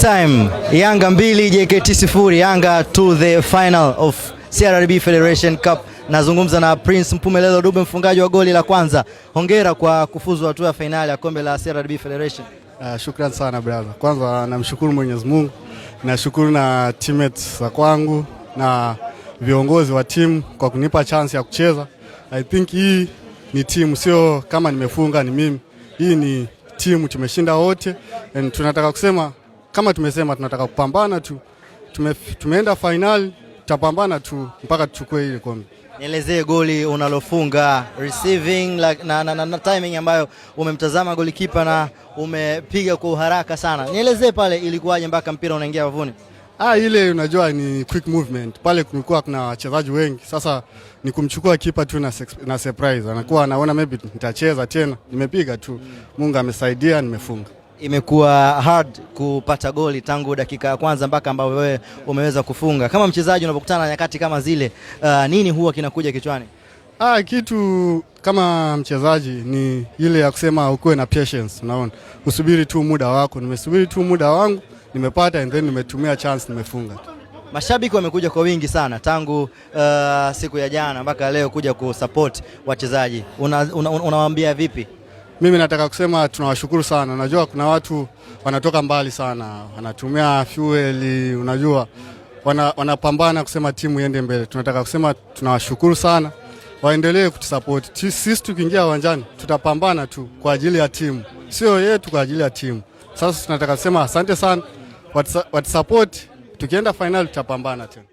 time Yanga mbili JKT sifuri Yanga to the final of CRB Federation Cup. Nazungumza na Prince Mpumelelo Dube, mfungaji wa goli la kwanza. Hongera kwa kufuzu hatua ya fainali ya kombe la CRB Federation. Uh, sana brother. Kwanza namshukuru Mwenyezi Mungu, nashukuru na teammates za kwangu na viongozi wa timu kwa kunipa chance ya kucheza. I think hii ni timu, sio kama nimefunga ni mimi. Hii ni timu, tumeshinda wote and tunataka kusema kama tumesema tunataka kupambana tu, tume, tumeenda final, tutapambana tu mpaka tuchukue ile kombe. Nielezee goli unalofunga receiving like, na, na, na, na timing ambayo umemtazama golikipa na umepiga kwa uharaka sana. Nielezee pale ilikuwaje mpaka mpira unaingia wavuni? Ah, ile unajua ni quick movement pale, kulikuwa kuna wachezaji wengi, sasa ni kumchukua kipa tu na, na surprise anakuwa anaona maybe nitacheza tena, nimepiga tu, Mungu amesaidia, nimefunga imekuwa hard kupata goli tangu dakika ya kwanza mpaka ambao wewe umeweza kufunga. Kama mchezaji unapokutana na nyakati kama zile, uh, nini huwa kinakuja kichwani? Ah, kitu kama mchezaji ni ile ya kusema ukuwe na patience, unaona, usubiri tu muda wako. Nimesubiri tu muda wangu, nimepata and then nimetumia chance, nimefunga. Mashabiki wamekuja kwa wingi sana tangu uh, siku ya jana mpaka leo kuja kusupport wachezaji, unawaambia una, una vipi? Mimi nataka kusema tunawashukuru sana. Najua kuna watu wanatoka mbali sana, wanatumia fueli, unajua wana, wanapambana kusema timu iende mbele. Tunataka kusema tunawashukuru sana, waendelee kutusupport sisi. Tukiingia uwanjani, tutapambana tu kwa ajili ya timu, sio yetu, kwa ajili ya timu. Sasa tunataka kusema asante sana, watisupport. Tukienda fainali tutapambana tena.